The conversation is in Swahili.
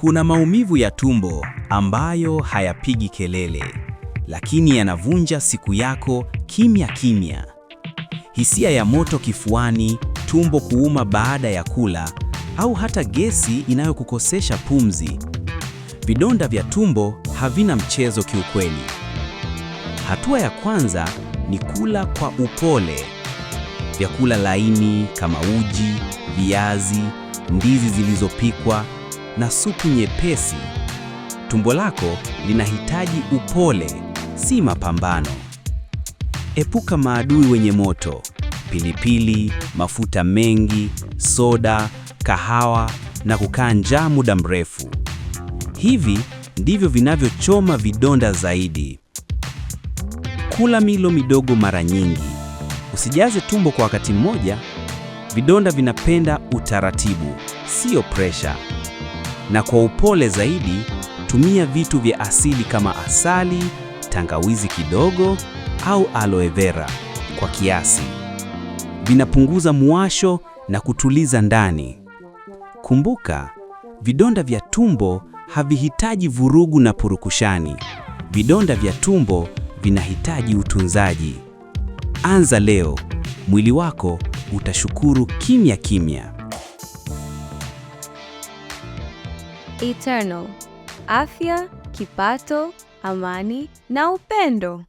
Kuna maumivu ya tumbo ambayo hayapigi kelele, lakini yanavunja siku yako kimya kimya. Hisia ya moto kifuani, tumbo kuuma baada ya kula, au hata gesi inayokukosesha pumzi. Vidonda vya tumbo havina mchezo kiukweli. Hatua ya kwanza ni kula kwa upole. Vyakula laini kama uji, viazi, ndizi zilizopikwa na supu nyepesi. Tumbo lako linahitaji upole, si mapambano. Epuka maadui wenye moto: pilipili, mafuta mengi, soda, kahawa na kukaa njaa muda mrefu. Hivi ndivyo vinavyochoma vidonda zaidi. Kula milo midogo mara nyingi. Usijaze tumbo kwa wakati mmoja. Vidonda vinapenda utaratibu, sio pressure na kwa upole zaidi, tumia vitu vya asili kama asali, tangawizi kidogo au aloe vera kwa kiasi. Vinapunguza muwasho na kutuliza ndani. Kumbuka, vidonda vya tumbo havihitaji vurugu na purukushani. Vidonda vya tumbo vinahitaji utunzaji. Anza leo, mwili wako utashukuru kimya kimya. Eternal: afya, kipato, amani na upendo.